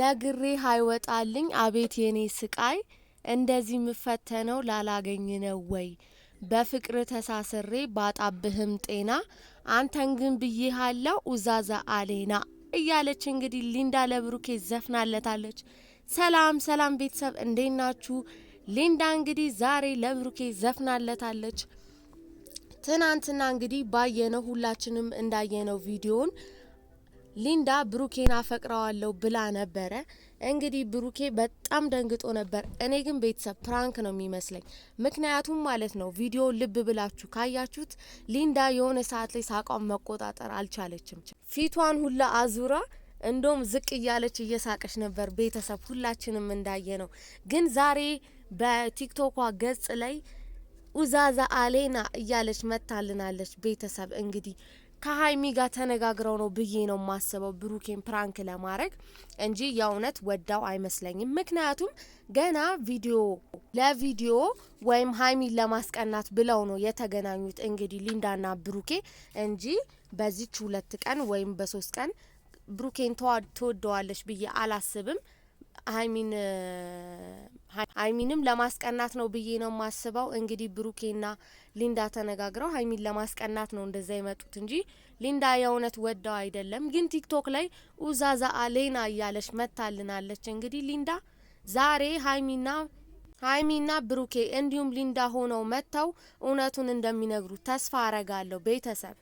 ነግሬ አይወጣልኝ አቤት የኔ ስቃይ እንደዚህ ምፈተነው ላላገኝ ነው ወይ በፍቅር ተሳስሬ ባጣብህም ጤና አንተን ግን ብዬሃለው ኡዛዛ አሌና እያለች እንግዲህ ሊንዳ ለብሩኬ ዘፍናለታለች። ሰላም ሰላም ቤተሰብ እንዴት ናችሁ? ሊንዳ እንግዲህ ዛሬ ለብሩኬ ዘፍናለታለች። ትናንትና እንግዲህ ባየነው ሁላችንም እንዳየነው ቪዲዮን ሊንዳ ብሩኬን አፈቅረዋለሁ ብላ ነበረ። እንግዲህ ብሩኬ በጣም ደንግጦ ነበር። እኔ ግን ቤተሰብ ፕራንክ ነው የሚመስለኝ። ምክንያቱም ማለት ነው ቪዲዮ ልብ ብላችሁ ካያችሁት ሊንዳ የሆነ ሰዓት ላይ ሳቋን መቆጣጠር አልቻለችም። ፊቷን ሁላ አዙራ እንደውም ዝቅ እያለች እየሳቀች ነበር። ቤተሰብ ሁላችንም እንዳየ ነው። ግን ዛሬ በቲክቶኳ ገጽ ላይ ኡዛዛ አሌና እያለች መታልናለች። ቤተሰብ እንግዲህ ከሀይሚ ጋር ተነጋግረው ነው ብዬ ነው የማስበው ብሩኬን ፕራንክ ለማድረግ እንጂ የእውነት ወዳው አይመስለኝም። ምክንያቱም ገና ቪዲዮ ለቪዲዮ ወይም ሀይሚን ለማስቀናት ብለው ነው የተገናኙት እንግዲህ ሊንዳና ብሩኬ እንጂ በዚች ሁለት ቀን ወይም በሶስት ቀን ብሩኬን ተወደዋለች ብዬ አላስብም ሀይሚን ሀይሚንም ለማስቀናት ነው ብዬ ነው የማስበው። እንግዲህ ብሩኬና ሊንዳ ተነጋግረው ሀይሚን ለማስቀናት ነው እንደዛ የመጡት እንጂ ሊንዳ የእውነት ወደው አይደለም። ግን ቲክቶክ ላይ ኡዛዛ አሌና እያለች መታልናለች። እንግዲህ ሊንዳ ዛሬ ሀይሚና ሀይሚና ብሩኬ እንዲሁም ሊንዳ ሆነው መጥተው እውነቱን እንደሚነግሩ ተስፋ አረጋለሁ ቤተሰብ